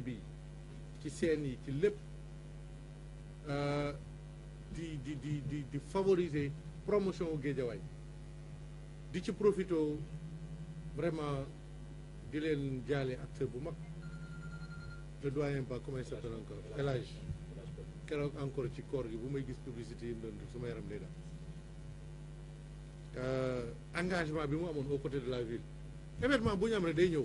télé bi ci seen yi ci lepp euh di di di di di favoriser promotion wu Géejawaay di ci profito vraiment di len jalé acteur bu mak le doyen pas comment il s'appelle encore El Hadj encore ci koor gi bu may gis publicité yi mu doon sama yaram day daal euh, engagement bi mu amoon au côté de la ville événement bu ñam rek day ñëw